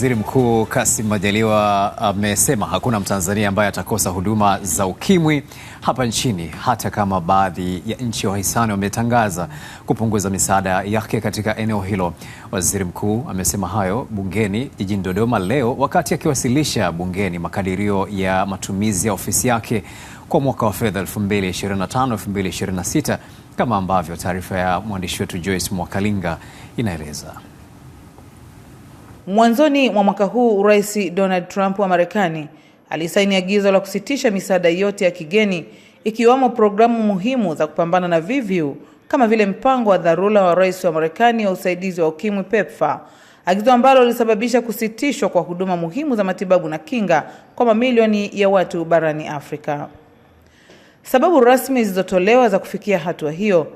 Waziri Mkuu Kassim Majaliwa amesema hakuna Mtanzania ambaye atakosa huduma za ukimwi hapa nchini hata kama baadhi ya nchi wahisani wametangaza kupunguza misaada yake katika eneo hilo. Waziri Mkuu amesema hayo bungeni jijini Dodoma leo wakati akiwasilisha bungeni makadirio ya matumizi ya ofisi yake kwa mwaka wa fedha 2025/2026 kama ambavyo taarifa ya mwandishi wetu Joyce Mwakalinga inaeleza. Mwanzoni mwa mwaka huu Rais Donald Trump wa Marekani alisaini agizo la kusitisha misaada yote ya kigeni ikiwemo programu muhimu za kupambana na VVU kama vile mpango wa dharura wa rais wa Marekani wa usaidizi wa ukimwi pepfa agizo ambalo lilisababisha kusitishwa kwa huduma muhimu za matibabu na kinga kwa mamilioni ya watu barani Afrika. Sababu rasmi zilizotolewa za kufikia hatua hiyo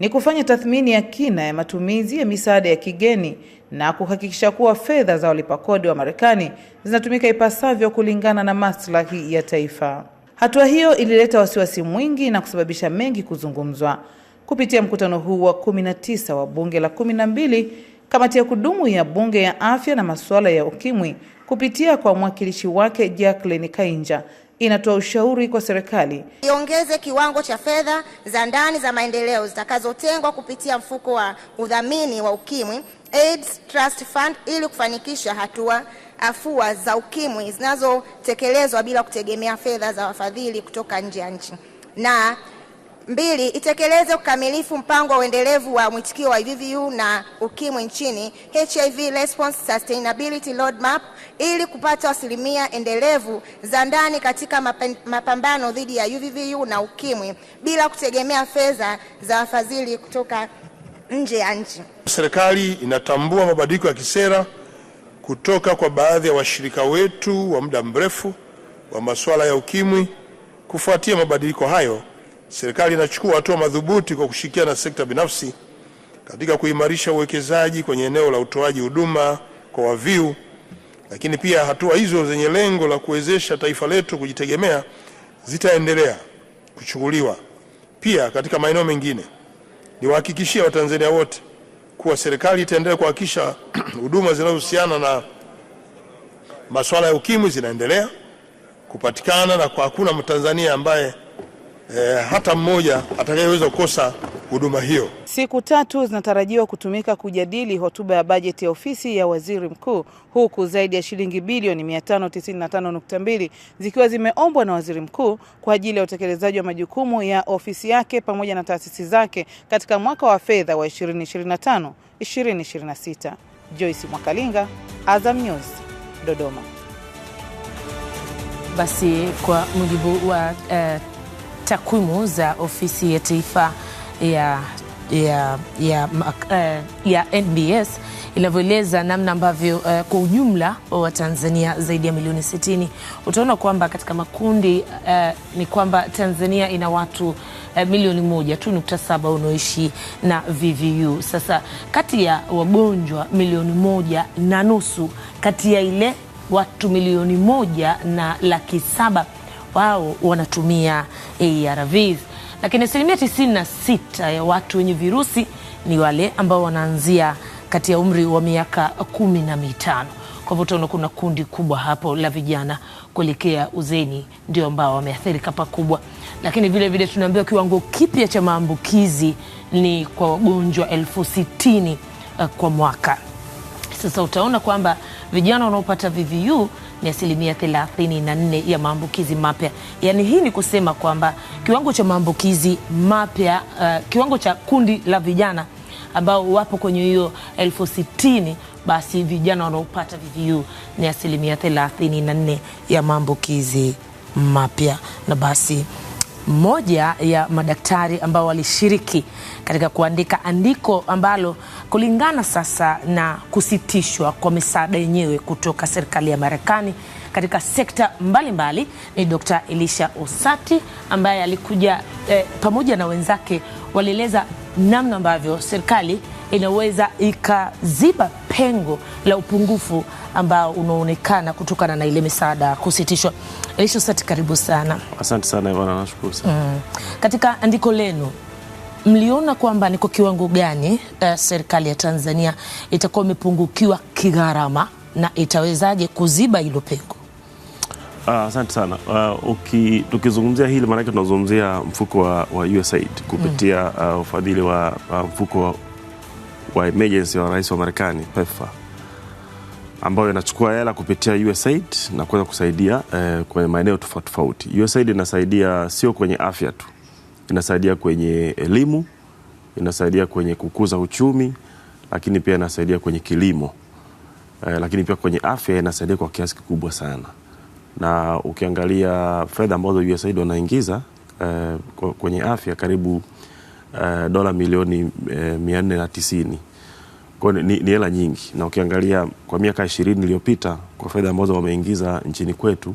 ni kufanya tathmini ya kina ya matumizi ya misaada ya kigeni na kuhakikisha kuwa fedha za walipakodi wa Marekani zinatumika ipasavyo kulingana na maslahi ya taifa. Hatua hiyo ilileta wasiwasi mwingi na kusababisha mengi kuzungumzwa kupitia mkutano huu wa 19 wa bunge la 12. Kamati ya kudumu ya bunge ya afya na masuala ya ukimwi kupitia kwa mwakilishi wake Jacqueline Kainja inatoa ushauri kwa serikali iongeze kiwango cha fedha za ndani za maendeleo zitakazotengwa kupitia mfuko wa udhamini wa ukimwi AIDS Trust Fund ili kufanikisha hatua afua za ukimwi zinazotekelezwa bila kutegemea fedha za wafadhili kutoka nje ya nchi. Na mbili, itekeleze ukamilifu mpango wa uendelevu wa mwitikio wa VVU na ukimwi nchini HIV Response Sustainability Roadmap ili kupata asilimia endelevu za ndani katika mapambano dhidi ya VVU na ukimwi bila kutegemea fedha za wafadhili kutoka nje ya nchi. Serikali inatambua mabadiliko ya kisera kutoka kwa baadhi ya wa washirika wetu wa muda mrefu wa masuala ya ukimwi. Kufuatia mabadiliko hayo, serikali inachukua hatua madhubuti kwa kushirikiana na sekta binafsi katika kuimarisha uwekezaji kwenye eneo la utoaji huduma kwa waviu, lakini pia hatua hizo zenye lengo la kuwezesha taifa letu kujitegemea zitaendelea kuchukuliwa pia katika maeneo mengine. Niwahakikishie Watanzania wote kuwa serikali itaendelea kuhakikisha huduma zinazohusiana na masuala ya ukimwi zinaendelea kupatikana na kwa hakuna Mtanzania ambaye eh, hata mmoja atakayeweza kukosa huduma hiyo. Siku tatu zinatarajiwa kutumika kujadili hotuba ya bajeti ya ofisi ya waziri mkuu, huku zaidi ya shilingi bilioni 595.2 zikiwa zimeombwa na waziri mkuu kwa ajili ya utekelezaji wa majukumu ya ofisi yake pamoja na taasisi zake katika mwaka wa fedha wa 2025 2026. Joyce Mwakalinga, Azam News, Dodoma. Basi kwa mujibu wa uh, takwimu za ofisi ya taifa ya ya, ya, uh, ya NBS inavyoeleza namna ambavyo uh, kwa ujumla wa Watanzania zaidi ya milioni 60, utaona kwamba katika makundi uh, ni kwamba Tanzania ina watu uh, milioni moja tu nukta saba unaoishi na VVU. Sasa kati ya wagonjwa milioni moja na nusu, kati ya ile watu milioni moja na laki saba wao wanatumia ARVs lakini asilimia 96 ya watu wenye virusi ni wale ambao wanaanzia kati ya umri wa miaka kumi na mitano. Kwa hivyo utaona kuna kundi kubwa hapo la vijana kuelekea uzeni ndio ambao wameathirika pakubwa, lakini vile vile tunaambiwa kiwango kipya cha maambukizi ni kwa wagonjwa elfu sitini eh, kwa mwaka. Sasa utaona kwamba vijana wanaopata VVU ni asilimia 34 ya maambukizi mapya. Yaani hii ni kusema kwamba kiwango cha maambukizi mapya uh, kiwango cha kundi la vijana ambao wapo kwenye hiyo elfu sitini basi vijana wanaopata VVU ni asilimia 34 ya maambukizi mapya. Na basi moja ya madaktari ambao walishiriki katika kuandika andiko ambalo kulingana sasa na kusitishwa kwa misaada yenyewe kutoka serikali ya Marekani katika sekta mbalimbali mbali. Ni Dr. Elisha Osati ambaye alikuja eh, pamoja na wenzake walieleza namna ambavyo serikali inaweza ikaziba pengo la upungufu ambao unaonekana kutokana na ile misaada kusitishwa. Elisha Osati, karibu sana. Asante sana Ivana, nashukuru sana. Mm. Katika andiko lenu mliona kwamba ni kwa kiwango gani uh, serikali ya Tanzania itakuwa imepungukiwa kigharama na itawezaje kuziba hilo pengo? Ah, asante uh, sana uh, tukizungumzia hili maanake tunazungumzia mfuko wa, wa USAID kupitia mm. uh, ufadhili wa uh, mfuko wa, wa emergency wa rais wa Marekani PEPFAR ambayo inachukua hela kupitia USAID na kuweza kusaidia eh, kwenye maeneo tofauti tofauti. USAID inasaidia sio kwenye afya tu, inasaidia kwenye elimu, inasaidia kwenye kukuza uchumi, lakini pia inasaidia kwenye kilimo eh, lakini pia kwenye afya inasaidia kwa kiasi kikubwa sana, na ukiangalia fedha ambazo USAID wanaingiza eh, kwenye afya karibu eh, dola milioni eh, na tisini ni, ni hela nyingi, na ukiangalia kwa miaka ishirini iliyopita kwa fedha ambazo wameingiza nchini kwetu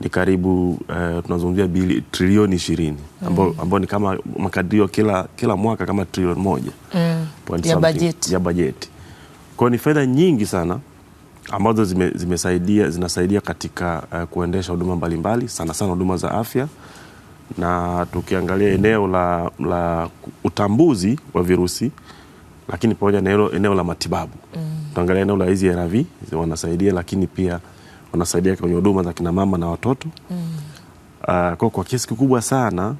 ni karibu uh, tunazungumzia bili trilioni ishirini mm. ambao ni kama makadirio kila, kila mwaka kama trilioni moja mm. ya bajeti ya bajeti. Kwa ni fedha nyingi sana ambazo zime, zinasaidia katika uh, kuendesha huduma mbalimbali sana sana huduma za afya na tukiangalia eneo la, la utambuzi wa virusi lakini pamoja na eneo la matibabu mm. tuangalia eneo la hizi ARV wanasaidia, lakini pia wanasaidia kwenye huduma za kina mama na watoto mm. Uh, kwa, kwa kiasi kikubwa sana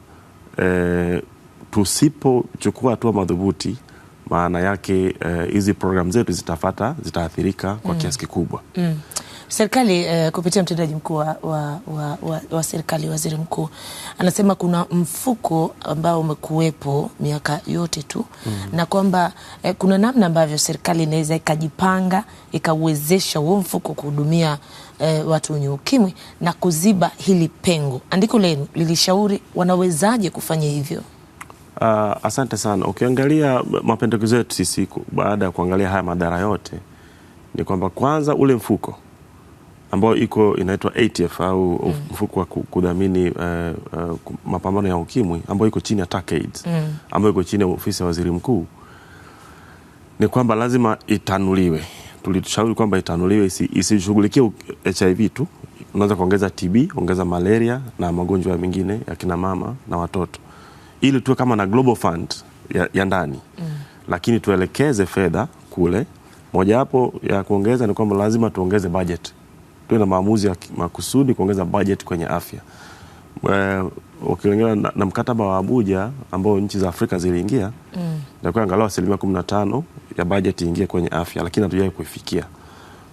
eh, tusipochukua hatua madhubuti maana yake eh, hizi eh, programu zetu zitafata zitaathirika kwa mm. kiasi kikubwa mm. Serikali eh, kupitia mtendaji mkuu wa, wa, wa, wa serikali waziri mkuu anasema kuna mfuko ambao umekuwepo miaka yote tu mm. na kwamba eh, kuna namna ambavyo serikali inaweza ikajipanga ikauwezesha huo mfuko kuhudumia eh, watu wenye ukimwi na kuziba hili pengo. Andiko lenu lilishauri wanawezaje kufanya hivyo? Uh, asante sana. Ukiangalia mapendekezo yetu sisi baada ya kuangalia haya madhara yote ni kwamba kwanza ule mfuko ambayo iko inaitwa ATF au mm. mfuko wa kudhamini uh, uh, mapambano ya ukimwi ambayo iko chini ya TACAIDS mm. ambayo iko chini ya ofisi ya waziri mkuu, ni kwamba lazima itanuliwe tulishauri kwamba itanuliwe isishughulikie isi HIV tu, unaweza kuongeza TB, ongeza malaria na magonjwa mengine ya kina mama na watoto, ili tuwe kama na global fund ya, ya ndani mm. Lakini tuelekeze fedha kule. Mojawapo ya kuongeza ni kwamba lazima tuongeze budget, tuwe na maamuzi ya makusudi kuongeza budget kwenye afya eh, ukilingana na, na mkataba wa Abuja ambao nchi za Afrika ziliingia mm. Ndio angalau asilimia kumi na tano ya bajeti ingie kwenye afya, lakini hatujawahi kuifikia.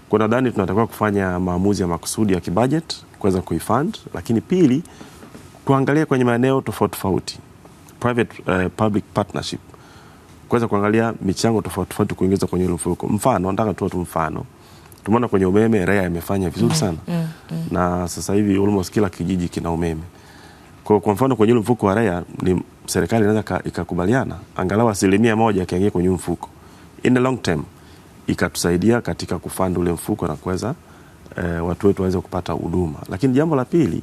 Kwa nadhani tunatakiwa kufanya maamuzi ya makusudi ya kibajeti kuweza kuifund, lakini pili, kuangalia kwenye maeneo tofauti tofauti, private uh, public partnership, kuweza kuangalia michango tofauti tofauti kuingiza kwenye ile mfuko. Mfano, nataka tu mfano tumeona kwenye umeme REA imefanya vizuri mm, sana mm, mm, mm. na sasa hivi almost kila kijiji kina umeme. Kwa, kwa mfano kwenye ule mfuko wa REA ni serikali inaweza ikakubaliana angalau asilimia moja akiangia kwenye mfuko in the long term ikatusaidia katika kufanda ule mfuko na kuweza e, watu wetu waweze kupata huduma. Lakini jambo la pili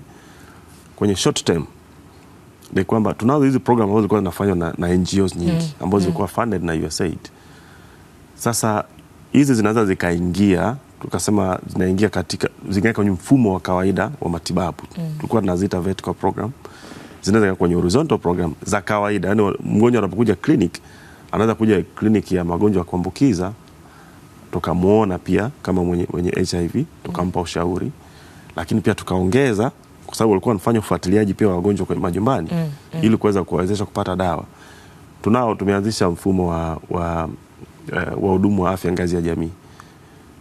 kwenye short term ni kwamba tunazo hizi program ambazo zilikuwa zinafanywa na, na NGOs nyingi mm. ambazo mm. zilikuwa mm, funded na USAID. Sasa hizi zinaweza zikaingia tukasema zinaingia katika zinaingia kwenye mfumo wa kawaida wa matibabu mm. tulikuwa tunaziita vertical program, zinaweza kwenye horizontal program za kawaida, yani mgonjwa anapokuja clinic anaweza kuja kliniki ya magonjwa ya kuambukiza tukamwona pia kama mwenye, mwenye HIV tukampa mm. ushauri, lakini pia tukaongeza kwa sababu walikuwa wanafanya ufuatiliaji pia wa wagonjwa kwa majumbani mm, mm. ili kuweza kuwawezesha kupata dawa. Tunao tumeanzisha mfumo wa wa eh, wahudumu wa afya ngazi ya jamii,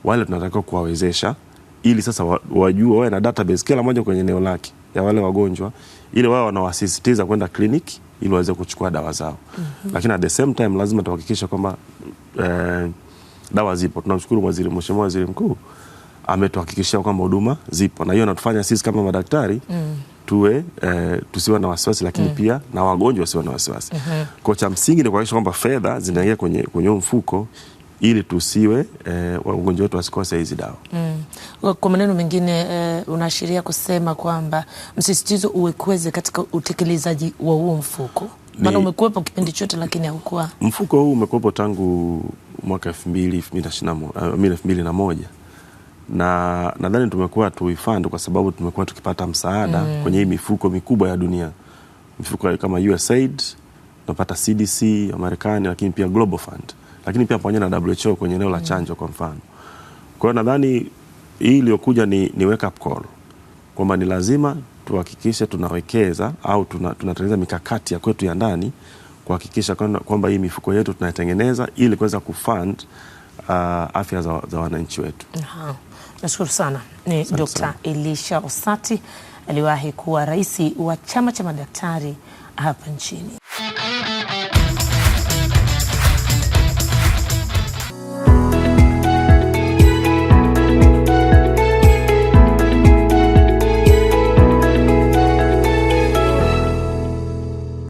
wale tunatakiwa kuwawezesha ili sasa wajue wawe na database kila mmoja kwenye eneo lake ya wale wagonjwa, ili wao wanawasisitiza kwenda kliniki ili waweze kuchukua dawa zao mm -hmm. Lakini at the same time lazima tuhakikisha kwamba eh, dawa zipo. Tunamshukuru waziri, mheshimiwa waziri mkuu ametuhakikishia kwamba huduma zipo, na hiyo inatufanya sisi kama madaktari mm. tuwe eh, tusiwe na wasiwasi, lakini mm. pia na wagonjwa wasiwe na wasiwasi mm -hmm. Kwa cha msingi ni kuhakikisha kwamba fedha zinaingia kwenye, kwenye mfuko ili tusiwe eh, wetu wasikose hizi dawa mm. Kwa maneno mengine eh, unaashiria kusema kwamba msisitizo uwekweze katika utekelezaji wa huo mfuko, maana umekuwepo kipindi chote lakini haukuwa. Mfuko huu umekuwepo tangu mwaka eh, elfu mbili elfu mbili na moja na nadhani tumekuwa tuifund kwa sababu tumekuwa tukipata msaada mm. kwenye hii mifuko mikubwa ya dunia, mifuko kama USAID tunapata, CDC ya Marekani, lakini pia Global Fund lakini pia pamoja na WHO kwenye eneo la chanjo kwa mfano. Kwa hiyo nadhani hii iliyokuja ni, ni wake up call kwamba ni lazima tuhakikishe tunawekeza au tunatengeneza tuna mikakati ya kwetu ya ndani kuhakikisha kwamba hii mifuko yetu tunaitengeneza ili kuweza kufund uh, afya za, za wananchi wetu. Nashukuru sana. Ni Dr. Elisha Osati aliwahi kuwa rais wa chama cha madaktari hapa nchini.